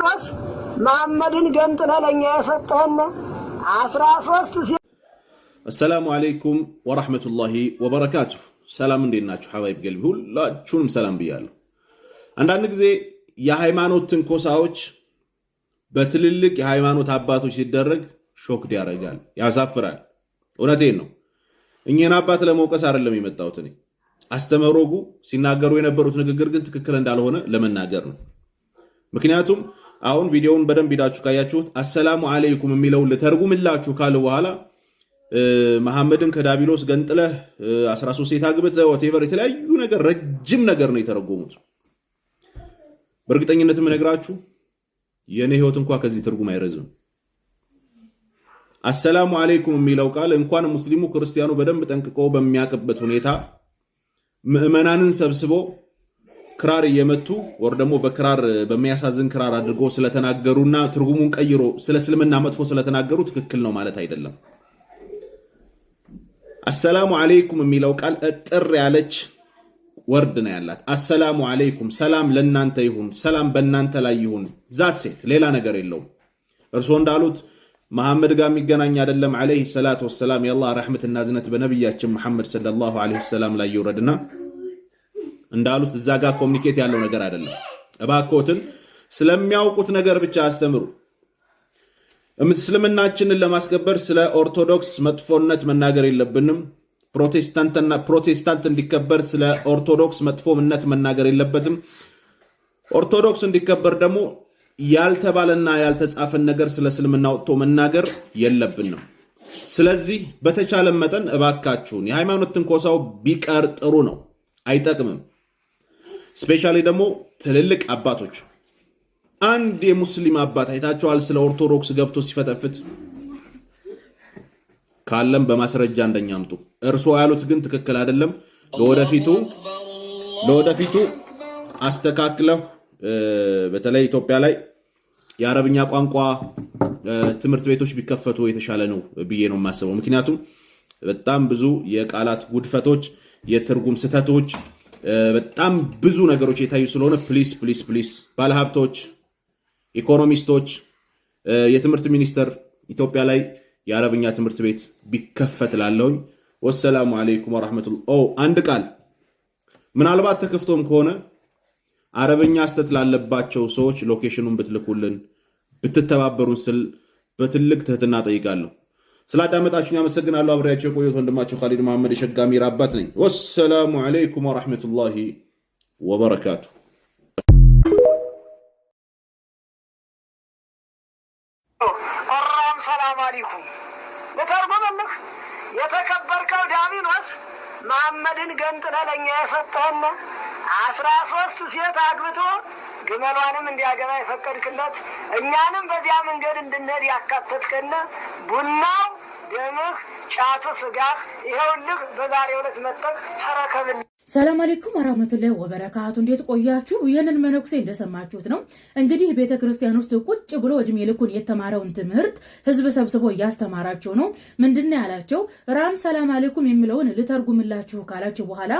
ዲዮስቆሮስ መሐመድን ገንጥለ ለእኛ የሰጠህን አስራ ሶስት ሴ አሰላሙ አለይኩም ወራህመቱላሂ ወበረካቱሁ። ሰላም እንዴት ናችሁ? ሀባይብ ገልቢ ሁላችሁንም ሰላም ብያለሁ። አንዳንድ ጊዜ የሃይማኖት ትንኮሳዎች በትልልቅ የሃይማኖት አባቶች ሲደረግ ሾክድ ያደርጋል፣ ያሳፍራል። እውነቴን ነው። እኚህን አባት ለመውቀስ አይደለም የመጣሁት እኔ አስተምህሮጉ ሲናገሩ የነበሩት ንግግር ግን ትክክል እንዳልሆነ ለመናገር ነው። ምክንያቱም አሁን ቪዲዮውን በደንብ ሂዳችሁ ካያችሁት አሰላሙ አለይኩም የሚለውን ልተርጉምላችሁ ካለ በኋላ መሐመድን ከዳቢሎስ ገንጥለህ 13 ሴት አግብተህ ወቴቨር የተለያዩ ነገር ረጅም ነገር ነው የተረጎሙት። በእርግጠኝነት የምነግራችሁ የእኔ ህይወት እንኳ ከዚህ ትርጉም አይረዝም። አሰላሙ አለይኩም የሚለው ቃል እንኳን ሙስሊሙ ክርስቲያኑ በደንብ ጠንቅቆ በሚያውቅበት ሁኔታ ምዕመናንን ሰብስቦ ክራር እየመቱ ወር ደግሞ በክራር በሚያሳዝን ክራር አድርጎ ስለተናገሩና ትርጉሙን ቀይሮ ስለ እስልምና መጥፎ ስለተናገሩ ትክክል ነው ማለት አይደለም። አሰላሙ አለይኩም የሚለው ቃል እጥር ያለች ወርድ ነው ያላት። አሰላሙ አለይኩም ሰላም ለእናንተ ይሁን፣ ሰላም በእናንተ ላይ ይሁን። ዛት ሴት ሌላ ነገር የለውም። እርስዎ እንዳሉት መሐመድ ጋር የሚገናኝ አይደለም። አለይህ ሰላት ወሰላም የአላህ ረሕመትና እዝነት በነቢያችን መሐመድ ሰለላሁ አለይሂ ወሰላም ላይ ይውረድና እንዳሉት እዛ ጋር ኮሚኒኬት ያለው ነገር አይደለም። እባኮትን ስለሚያውቁት ነገር ብቻ አስተምሩ። እስልምናችንን ለማስከበር ስለ ኦርቶዶክስ መጥፎነት መናገር የለብንም። ፕሮቴስታንት እንዲከበር ስለ ኦርቶዶክስ መጥፎነት መናገር የለበትም። ኦርቶዶክስ እንዲከበር ደግሞ ያልተባለና ያልተጻፈን ነገር ስለ እስልምና ወጥቶ መናገር የለብንም። ስለዚህ በተቻለ መጠን እባካችሁን የሃይማኖት ትንኮሳው ቢቀር ጥሩ ነው፣ አይጠቅምም። ስፔሻሊ ደግሞ ትልልቅ አባቶች አንድ የሙስሊም አባት አይታችኋል? ስለ ኦርቶዶክስ ገብቶ ሲፈተፍት ካለም በማስረጃ እንደኛ አምጡ። እርስዎ ያሉት ግን ትክክል አይደለም። ለወደፊቱ ለወደፊቱ አስተካክለው። በተለይ ኢትዮጵያ ላይ የአረብኛ ቋንቋ ትምህርት ቤቶች ቢከፈቱ የተሻለ ነው ብዬ ነው የማስበው። ምክንያቱም በጣም ብዙ የቃላት ጉድፈቶች፣ የትርጉም ስህተቶች በጣም ብዙ ነገሮች የታዩ ስለሆነ ፕሊስ ፕሊስ ፕሊስ ባለሀብቶች፣ ኢኮኖሚስቶች፣ የትምህርት ሚኒስቴር ኢትዮጵያ ላይ የአረብኛ ትምህርት ቤት ቢከፈት ላለውኝ። ወሰላሙ አለይኩም ወራህመቱላ። አንድ ቃል ምናልባት ተከፍቶም ከሆነ አረብኛ ስተት ላለባቸው ሰዎች ሎኬሽኑን ብትልኩልን ብትተባበሩን ስል በትልቅ ትህትና ጠይቃለሁ። ስላዳመጣችሁኝ አመሰግናለሁ። አብሬያቸው የቆየት ወንድማቸው ካሊድ መሐመድ የሸጋሚ ራባት አባት ነኝ። ወሰላሙ ዓለይኩም ወራህመቱላሂ ወበረካቱ። ራም ሰላም አለይኩም ልተርጉምልህ። የተከበርከው ዳሚኖስ መሐመድን ገንጥለህ ለእኛ የሰጠህና አስራ ሶስት ሴት አግብቶ ግመሏንም እንዲያገባ የፈቀድክለት እኛንም በዚያ መንገድ እንድንሄድ ያካተትከና ቡናው ደምህ፣ ጫቱ፣ ስጋ ይኸውልህ በዛሬ ዕለት መጠን ተረከብን። ሰላም አሌኩም አራመቱላይ ወበረካቱ። እንዴት ቆያችሁ? ይህንን መነኩሴ እንደሰማችሁት ነው እንግዲህ ቤተ ክርስቲያን ውስጥ ቁጭ ብሎ እድሜ ልኩን የተማረውን ትምህርት ህዝብ ሰብስቦ እያስተማራቸው ነው። ምንድን ያላቸው ራም ሰላም አሌኩም የሚለውን ልተርጉምላችሁ ካላቸው በኋላ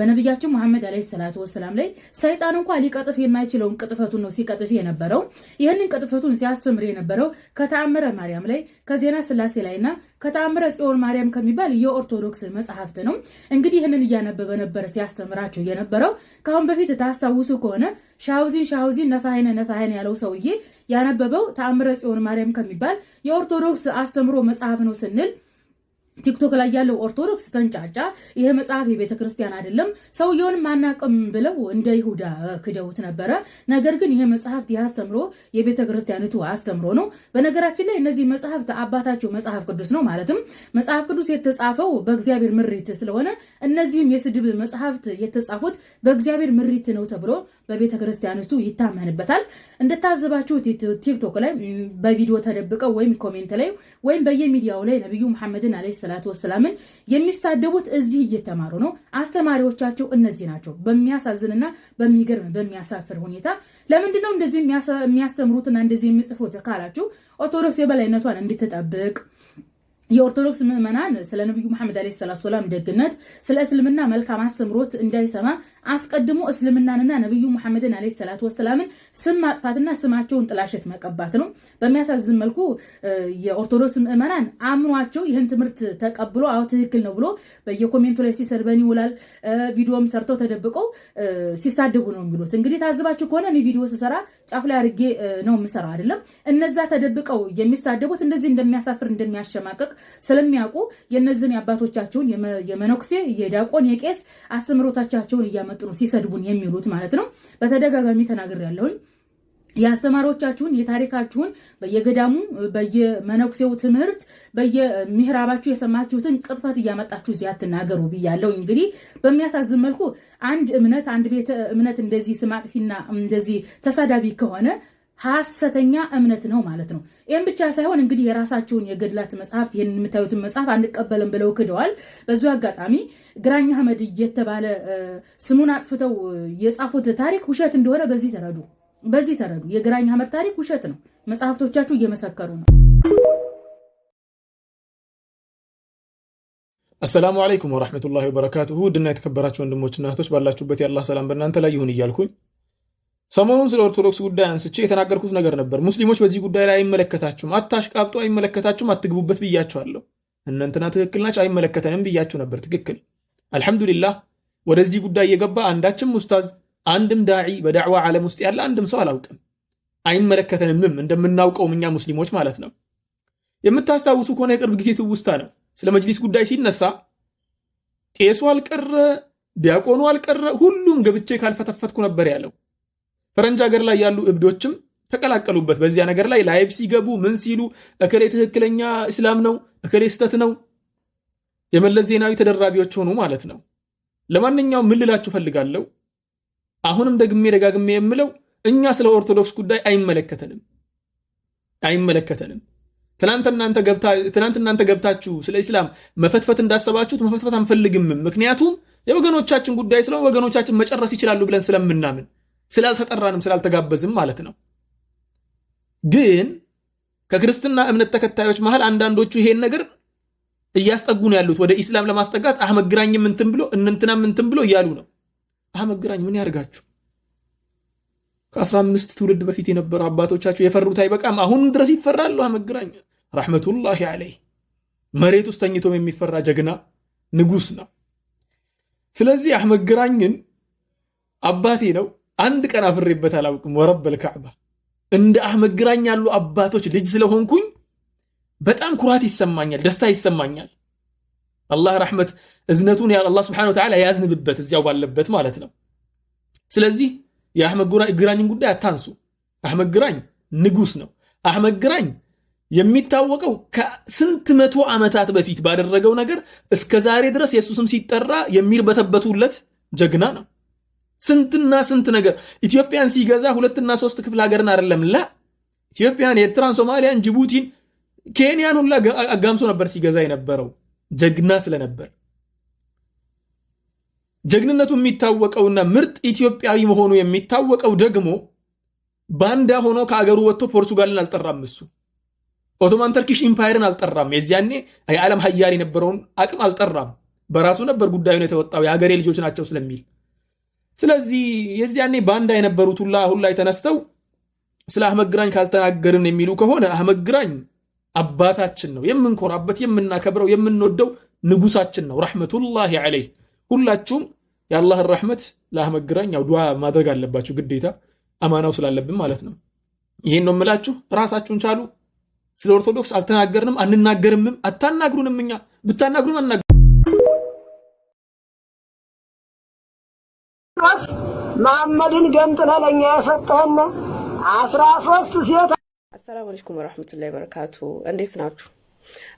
በነቢያችን መሐመድ አለ ሰላቱ ወሰላም ላይ ሰይጣን እንኳ ሊቀጥፍ የማይችለውን ቅጥፈቱን ነው ሲቀጥፍ የነበረው። ይህንን ቅጥፈቱን ሲያስተምር የነበረው ከተአምረ ማርያም ላይ ከዜና ስላሴ ላይና ከተአምረ ጽዮን ማርያም ከሚባል የኦርቶዶክስ መጽሐፍት ነው። እንግዲህ ይህንን እያነበበ ነበረ ሲያስተምራቸው የነበረው ከአሁን በፊት ታስታውሱ ከሆነ ሻውዚን ሻውዚን ነፋይነ ነፋይነ ያለው ሰውዬ ያነበበው ተአምረ ጽዮን ማርያም ከሚባል የኦርቶዶክስ አስተምሮ መጽሐፍ ነው ስንል ቲክቶክ ላይ ያለው ኦርቶዶክስ ተንጫጫ። ይሄ መጽሐፍ የቤተ ክርስቲያን አይደለም፣ ሰውየውንም አናቅም ብለው እንደ ይሁዳ ክደውት ነበረ። ነገር ግን ይሄ መጽሐፍት የአስተምሮ የቤተ ክርስቲያንቱ አስተምሮ ነው። በነገራችን ላይ እነዚህ መጽሐፍት አባታቸው መጽሐፍ ቅዱስ ነው። ማለትም መጽሐፍ ቅዱስ የተጻፈው በእግዚአብሔር ምሪት ስለሆነ እነዚህም የስድብ መጽሐፍት የተጻፉት በእግዚአብሔር ምሪት ነው ተብሎ በቤተ ክርስቲያን ውስጡ ይታመንበታል። እንደታዘባችሁ ቲክቶክ ላይ በቪዲዮ ተደብቀው ወይም ኮሜንት ላይ ወይም በየሚዲያው ላይ ነቢዩ መሐመድን አለ ሰላቱ ወሰላምን የሚሳደቡት እዚህ እየተማሩ ነው። አስተማሪዎቻቸው እነዚህ ናቸው። በሚያሳዝንና በሚገርም በሚያሳፍር ሁኔታ ለምንድን ነው እንደዚህ የሚያስተምሩትና እንደዚህ የሚጽፉት ካላችሁ ኦርቶዶክስ የበላይነቷን እንድትጠብቅ የኦርቶዶክስ ምዕመናን ስለ ነቢዩ መሐመድ ዓለይሂ ሰላቱ ወሰላም ደግነት፣ ስለ እስልምና መልካም አስተምሮት እንዳይሰማ አስቀድሞ እስልምናንና ነቢዩ መሐመድን ዓለይሂ ሰላቱ ወሰላምን ስም ማጥፋትና ስማቸውን ጥላሸት መቀባት ነው። በሚያሳዝን መልኩ የኦርቶዶክስ ምዕመናን አምኗቸው ይህን ትምህርት ተቀብሎ አዎ ትክክል ነው ብሎ በየኮሜንቱ ላይ ሲሰድበን ይውላል። ቪዲዮም ሰርተው ተደብቀው ሲሳደቡ ነው የሚሉት። እንግዲህ ታዝባችሁ ከሆነ እኔ ቪዲዮ ስሰራ ጫፍ ላይ አድርጌ ነው የምሰራው አይደለም። እነዛ ተደብቀው የሚሳደቡት እንደዚህ እንደሚያሳፍር እንደሚያሸማቅቅ ስለሚያውቁ የእነዚህን የአባቶቻቸውን የመነኩሴ የዲያቆን የቄስ አስተምሮቶቻቸውን እያመጡ ነው ሲሰድቡን የሚሉት ማለት ነው። በተደጋጋሚ ተናግር ያለሁኝ የአስተማሪዎቻችሁን የታሪካችሁን በየገዳሙ በየመነኩሴው ትምህርት በየምህራባችሁ የሰማችሁትን ቅጥፈት እያመጣችሁ እዚህ አትናገሩ ብያለሁ። እንግዲህ በሚያሳዝን መልኩ አንድ እምነት አንድ ቤተ እምነት እንደዚህ ስም አጥፊና እንደዚህ ተሳዳቢ ከሆነ ሐሰተኛ እምነት ነው ማለት ነው። ይህም ብቻ ሳይሆን እንግዲህ የራሳቸውን የገድላት መጽሐፍት ይህንን የምታዩትን መጽሐፍ አንቀበልም ብለው ክደዋል። በዚሁ አጋጣሚ ግራኝ አህመድ እየተባለ ስሙን አጥፍተው የጻፉት ታሪክ ውሸት እንደሆነ በዚህ ተረዱ፣ በዚህ ተረዱ። የግራኝ አህመድ ታሪክ ውሸት ነው። መጽሐፍቶቻችሁ እየመሰከሩ ነው። አሰላሙ አለይኩም ወራህመቱላሂ ወበረካቱሁ። ውድና የተከበራችሁ ወንድሞችና እህቶች ባላችሁበት የአላህ ሰላም በእናንተ ላይ ይሁን እያልኩኝ ሰሞኑን ስለ ኦርቶዶክስ ጉዳይ አንስቼ የተናገርኩት ነገር ነበር። ሙስሊሞች በዚህ ጉዳይ ላይ አይመለከታችሁም፣ አታሽቃብጡ፣ አይመለከታችሁም፣ አትግቡበት ብያችኋለሁ። እነንትና ትክክል ናቸው፣ አይመለከተንም ብያችሁ ነበር። ትክክል። አልሐምዱሊላህ ወደዚህ ጉዳይ የገባ አንዳችም ኡስታዝ፣ አንድም ዳዒ፣ በዳዕዋ ዓለም ውስጥ ያለ አንድም ሰው አላውቅም። አይመለከተንምም እንደምናውቀውም እኛ ሙስሊሞች ማለት ነው። የምታስታውሱ ከሆነ የቅርብ ጊዜ ትውስታ ነው። ስለ መጅሊስ ጉዳይ ሲነሳ ቄሱ አልቀረ ዲያቆኑ አልቀረ ሁሉም ገብቼ ካልፈተፈትኩ ነበር ያለው ፈረንጅ ሀገር ላይ ያሉ እብዶችም ተቀላቀሉበት በዚያ ነገር ላይ ላይቭ ሲገቡ ምን ሲሉ እከሌ ትክክለኛ እስላም ነው፣ እከሌ ስተት ነው። የመለስ ዜናዊ ተደራቢዎች ሆኑ ማለት ነው። ለማንኛውም ምን ልላችሁ ፈልጋለሁ፣ አሁንም ደግሜ ደጋግሜ የምለው እኛ ስለ ኦርቶዶክስ ጉዳይ አይመለከተንም አይመለከተንም። ትናንት እናንተ ገብታችሁ ስለ ኢስላም መፈትፈት እንዳሰባችሁት መፈትፈት አንፈልግምም። ምክንያቱም የወገኖቻችን ጉዳይ ስለሆነ ወገኖቻችን መጨረስ ይችላሉ ብለን ስለምናምን ስላልተጠራንም ስላልተጋበዝም ማለት ነው። ግን ከክርስትና እምነት ተከታዮች መሃል አንዳንዶቹ ይሄን ነገር እያስጠጉ ነው ያሉት። ወደ ኢስላም ለማስጠጋት አህመግራኝም ምንትን ብሎ እንንትና ምንትን ብሎ እያሉ ነው። አህመግራኝ ምን ያርጋችሁ? ከአስራ አምስት ትውልድ በፊት የነበሩ አባቶቻቸው የፈሩት አይበቃም፣ አሁን ድረስ ይፈራሉ። አህመግራኝ ረሕመቱላሂ አለይህ መሬት ውስጥ ተኝቶም የሚፈራ ጀግና ንጉስ ነው። ስለዚህ አህመግራኝን አባቴ ነው አንድ ቀን አፍሬበት አላውቅም። ወረበል ካዕባ እንደ አመግራኝ ያሉ አባቶች ልጅ ስለሆንኩኝ በጣም ኩራት ይሰማኛል፣ ደስታ ይሰማኛል። አላህ ረሕመት እዝነቱን አላህ ስብሓነሁ ወተዓላ ያዝንብበት እዚያው ባለበት ማለት ነው። ስለዚህ የአህመግራኝን ጉዳይ አታንሱ። አህመግራኝ ንጉስ ነው። አህመግራኝ የሚታወቀው ከስንት መቶ ዓመታት በፊት ባደረገው ነገር እስከ ዛሬ ድረስ የእሱ ስም ሲጠራ የሚርበተበቱለት ጀግና ነው። ስንትና ስንት ነገር ኢትዮጵያን ሲገዛ ሁለትና ሶስት ክፍለ ሀገርን አይደለም ላ ኢትዮጵያን፣ ኤርትራን፣ ሶማሊያን፣ ጅቡቲን፣ ኬንያን ሁላ አጋምሶ ነበር ሲገዛ የነበረው ጀግና ስለነበር። ጀግንነቱ የሚታወቀውና ምርጥ ኢትዮጵያዊ መሆኑ የሚታወቀው ደግሞ ባንዳ ሆኖ ከአገሩ ወጥቶ ፖርቹጋልን አልጠራም። እሱ ኦቶማን ተርኪሽ ኢምፓየርን አልጠራም። የዚያኔ የዓለም ሀያል የነበረውን አቅም አልጠራም። በራሱ ነበር ጉዳዩን የተወጣው የሀገሬ ልጆች ናቸው ስለሚል ስለዚህ የዚያኔ ባንዳ የነበሩት ሁላ አሁን ላይ ተነስተው ስለ አህመግራኝ ካልተናገርን የሚሉ ከሆነ አህመግራኝ አባታችን ነው፣ የምንኮራበት የምናከብረው የምንወደው ንጉሳችን ነው፣ ረሕመቱላሂ ዐለይህ። ሁላችሁም የአላህን ረሕመት ለአህመግራኝ ያው ዱዓ ማድረግ አለባችሁ ግዴታ፣ አማናው ስላለብን ማለት ነው። ይህን ነው የምላችሁ። ራሳችሁን ቻሉ። ስለ ኦርቶዶክስ አልተናገርንም፣ አንናገርምም፣ አታናግሩንም። እኛ ብታናግሩን መሐመድን ገንጥለህ ለእኛ የሰጠህን አስራ ሶስት ሴት አሰላሙ አለይኩም ወረሕመቱላሂ ወበረካቱ። እንዴት ናችሁ?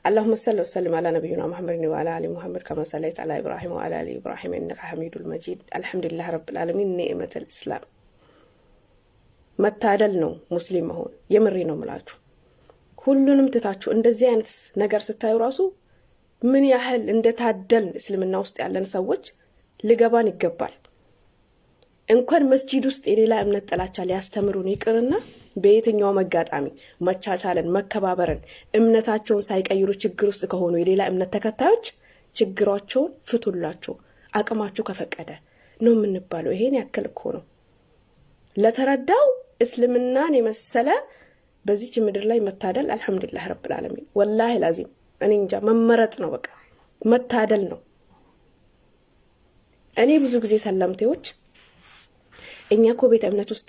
አላሁመ ሰሊ ወሰሊም አላ ነቢዩና ሙሐመድን ወአላ አሊ ሙሐመድ ከማ አላ ኢብራሂም ወአላ አሊ ኢብራሂም ኢነከ ሐሚዱል መጂድ። አልሐምዱሊላህ ረብል ዓለሚን ኒዕመተል መታደል ነው ሙስሊም መሆን። የምሬ ነው ምላችሁ። ሁሉንም ትታችሁ እንደዚህ አይነት ነገር ስታዩ ራሱ ምን ያህል እንደታደልን እስልምና ውስጥ ያለን ሰዎች ልገባን ይገባል። እንኳን መስጂድ ውስጥ የሌላ እምነት ጥላቻ ሊያስተምሩን ይቅርና በየትኛው አጋጣሚ መቻቻልን፣ መከባበርን እምነታቸውን ሳይቀይሩ ችግር ውስጥ ከሆኑ የሌላ እምነት ተከታዮች ችግራቸውን ፍቱላቸው አቅማችሁ ከፈቀደ ነው የምንባለው። ይሄን ያክል እኮ ነው ለተረዳው እስልምናን የመሰለ በዚች ምድር ላይ መታደል አልሐምዱሊላህ ረብል ዓለሚን። ወላሂ ላዚም እኔ እንጃ መመረጥ ነው በቃ መታደል ነው። እኔ ብዙ ጊዜ ሰለምቴዎች እኛ እኮ ቤተ እምነት ውስጥ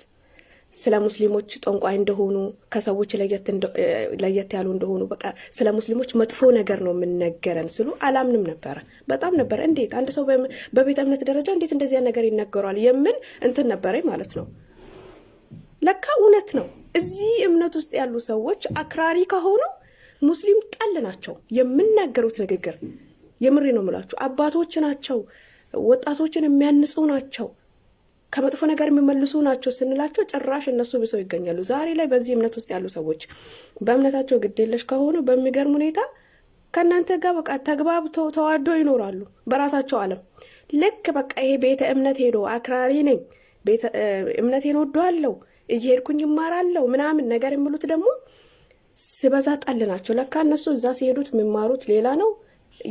ስለ ሙስሊሞች ጠንቋይ እንደሆኑ ከሰዎች ለየት ያሉ እንደሆኑ በቃ ስለ ሙስሊሞች መጥፎ ነገር ነው የምንነገረን ስሉ አላምንም ነበረ። በጣም ነበረ። እንዴት አንድ ሰው በቤተ እምነት ደረጃ እንዴት እንደዚያ ነገር ይነገሯል የምን እንትን ነበረኝ ማለት ነው። ለካ እውነት ነው። እዚህ እምነት ውስጥ ያሉ ሰዎች አክራሪ ከሆኑ ሙስሊም ጠል ናቸው። የምናገሩት ንግግር የምሬ ነው የምላችሁ። አባቶች ናቸው፣ ወጣቶችን የሚያንጹ ናቸው። ከመጥፎ ነገር የሚመልሱ ናቸው ስንላቸው ጭራሽ እነሱ ብሰው ይገኛሉ። ዛሬ ላይ በዚህ እምነት ውስጥ ያሉ ሰዎች በእምነታቸው ግዴለሽ ከሆኑ በሚገርም ሁኔታ ከእናንተ ጋር በቃ ተግባብቶ ተዋዶ ይኖራሉ በራሳቸው ዓለም። ልክ በቃ ይሄ ቤተ እምነት ሄዶ አክራሪ ነኝ እምነቴን ወደዋለሁ እየሄድኩኝ ይማራለሁ ምናምን ነገር የሚሉት ደግሞ ስበዛ ጠል ናቸው። ለካ እነሱ እዛ ሲሄዱት የሚማሩት ሌላ ነው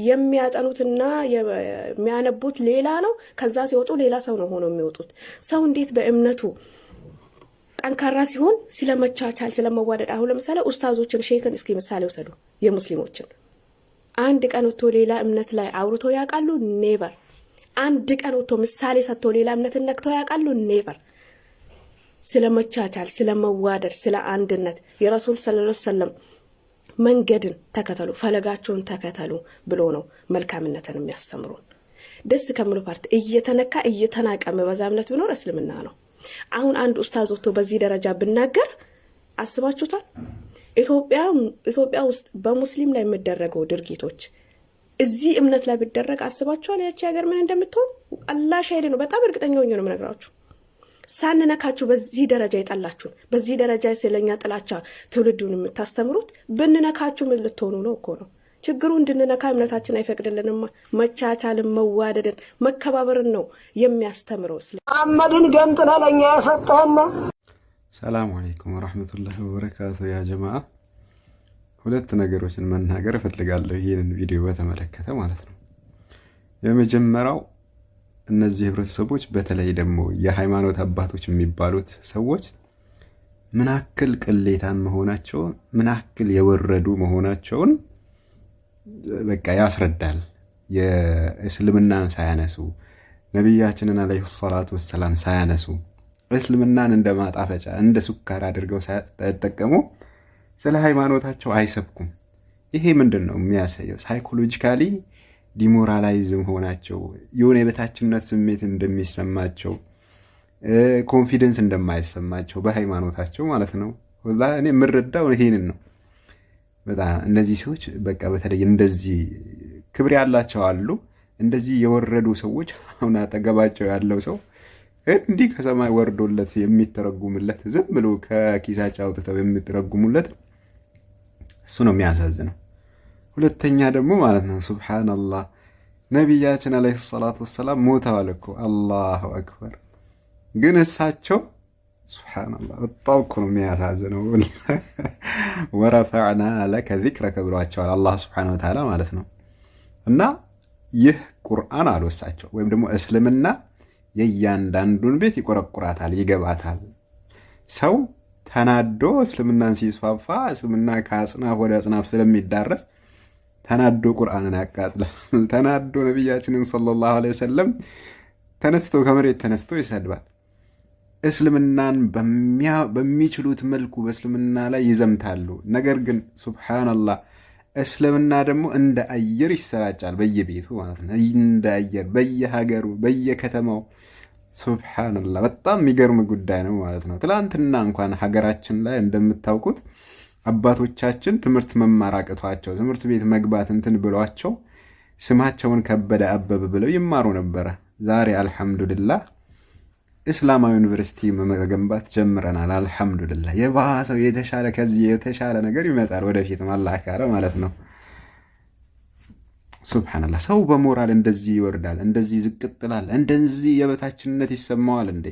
የሚያጠኑትና የሚያነቡት ሌላ ነው። ከዛ ሲወጡ ሌላ ሰው ነው ሆኖ የሚወጡት። ሰው እንዴት በእምነቱ ጠንካራ ሲሆን ስለመቻቻል፣ ስለመዋደድ አሁን ለምሳሌ ኡስታዞችን፣ ሼክን እስኪ ምሳሌ ውሰዱ። የሙስሊሞችን አንድ ቀን ወጥቶ ሌላ እምነት ላይ አውርቶ ያውቃሉ? ኔቨር። አንድ ቀን ወጥቶ ምሳሌ ሰጥቶ ሌላ እምነትን ነክቶ ያውቃሉ? ኔቨር። ስለመቻቻል፣ ስለመዋደድ፣ ስለ አንድነት የረሱል ሰለላሁ ዐለይሂ ወሰለም መንገድን ተከተሉ፣ ፈለጋቸውን ተከተሉ ብሎ ነው መልካምነትን የሚያስተምሩን። ደስ ከምሎ ፓርቲ እየተነካ እየተናቀ መበዛ እምነት ቢኖር እስልምና ነው። አሁን አንድ ኡስታዝ ወጥቶ በዚህ ደረጃ ብናገር አስባችሁታል? ኢትዮጵያ ውስጥ በሙስሊም ላይ የሚደረገው ድርጊቶች እዚህ እምነት ላይ ብደረግ አስባችኋል? ያቺ ሀገር ምን እንደምትሆን አላሽ ሻሂድ ነው። በጣም እርግጠኛ ሆኜ ነው የምነግራችሁ። ሳንነካችሁ በዚህ ደረጃ የጠላችሁን በዚህ ደረጃ ስለኛ ጥላቻ ትውልዱን የምታስተምሩት ብንነካችሁ ምን ልትሆኑ ነው እኮ ነው ችግሩ። እንድንነካ እምነታችን አይፈቅድልንማ። መቻቻልን፣ መዋደድን፣ መከባበርን ነው የሚያስተምረው። ስለ መሐመድን ገንጥለ ለእኛ ያሰጠና ሰላም አለይኩም ወረሕመቱላሂ ወበረካቱ። ያ ጀማ ሁለት ነገሮችን መናገር እፈልጋለሁ፣ ይህንን ቪዲዮ በተመለከተ ማለት ነው። የመጀመሪያው እነዚህ ህብረተሰቦች በተለይ ደግሞ የሃይማኖት አባቶች የሚባሉት ሰዎች ምናክል ቅሌታን መሆናቸውን ምናክል የወረዱ መሆናቸውን በቃ ያስረዳል። የእስልምናን ሳያነሱ ነቢያችንን ዓለይሂ ሰላቱ ወሰላም ሳያነሱ እስልምናን እንደ ማጣፈጫ እንደ ሱካር አድርገው ሳይጠቀሙ ስለ ሃይማኖታቸው አይሰብኩም። ይሄ ምንድን ነው የሚያሳየው? ሳይኮሎጂካሊ ዲሞራላይዝም ሆናቸው የሆነ የበታችነት ስሜት እንደሚሰማቸው ኮንፊደንስ እንደማይሰማቸው በሃይማኖታቸው ማለት ነው። እኔ የምረዳው ይሄንን ነው። በጣም እነዚህ ሰዎች በቃ በተለይ እንደዚህ ክብር ያላቸው አሉ። እንደዚህ የወረዱ ሰዎች አሁን አጠገባቸው ያለው ሰው እንዲህ ከሰማይ ወርዶለት የሚተረጉምለት ዝም ብሎ ከኪሳቸው አውጥተው የሚተረጉሙለት እሱ ነው የሚያሳዝነው። ሁለተኛ ደግሞ ማለት ነው ሱብሓነላህ ነቢያችን ዓለይሂ ሰላት ወሰላም ሞተዋል እኮ አላሁ አክበር። ግን እሳቸው ሱብሓነላህ በጣም እኮ ነው የሚያሳዝነው። ወረፈዕና ለከ ዚክረከ ብሏቸዋል አላህ ሱብሓነሁ ወተዓላ ማለት ነው። እና ይህ ቁርአን አሉ እሳቸው ወይም ደግሞ እስልምና የእያንዳንዱን ቤት ይቆረቁራታል፣ ይገባታል። ሰው ተናዶ እስልምናን ሲስፋፋ እስልምና ከአጽናፍ ወደ አጽናፍ ስለሚዳረስ ተናዶ ቁርአንን ያቃጥላል። ተናዶ ነቢያችንን ሰለላሁ ዐለይሂ ወሰለም ተነስቶ ከመሬት ተነስቶ ይሰድባል። እስልምናን በሚችሉት መልኩ በእስልምና ላይ ይዘምታሉ። ነገር ግን ሱብሓነላህ እስልምና ደግሞ እንደ አየር ይሰራጫል፣ በየቤቱ ማለት ነው። እንደ አየር በየሀገሩ በየከተማው ሱብሓነላህ፣ በጣም የሚገርም ጉዳይ ነው ማለት ነው። ትላንትና እንኳን ሀገራችን ላይ እንደምታውቁት አባቶቻችን ትምህርት መማር አቅቷቸው ትምህርት ቤት መግባት እንትን ብሏቸው ስማቸውን ከበደ አበብ ብለው ይማሩ ነበረ። ዛሬ አልሐምዱልላ እስላማዊ ዩኒቨርሲቲ መገንባት ጀምረናል። አልሐምዱልላህ የባሰው የተሻለ ከዚህ የተሻለ ነገር ይመጣል ወደፊት ማላካረ ማለት ነው። ሱብሓነላህ ሰው በሞራል እንደዚህ ይወርዳል፣ እንደዚህ ዝቅጥላል፣ እንደዚህ የበታችነት ይሰማዋል እንዴ!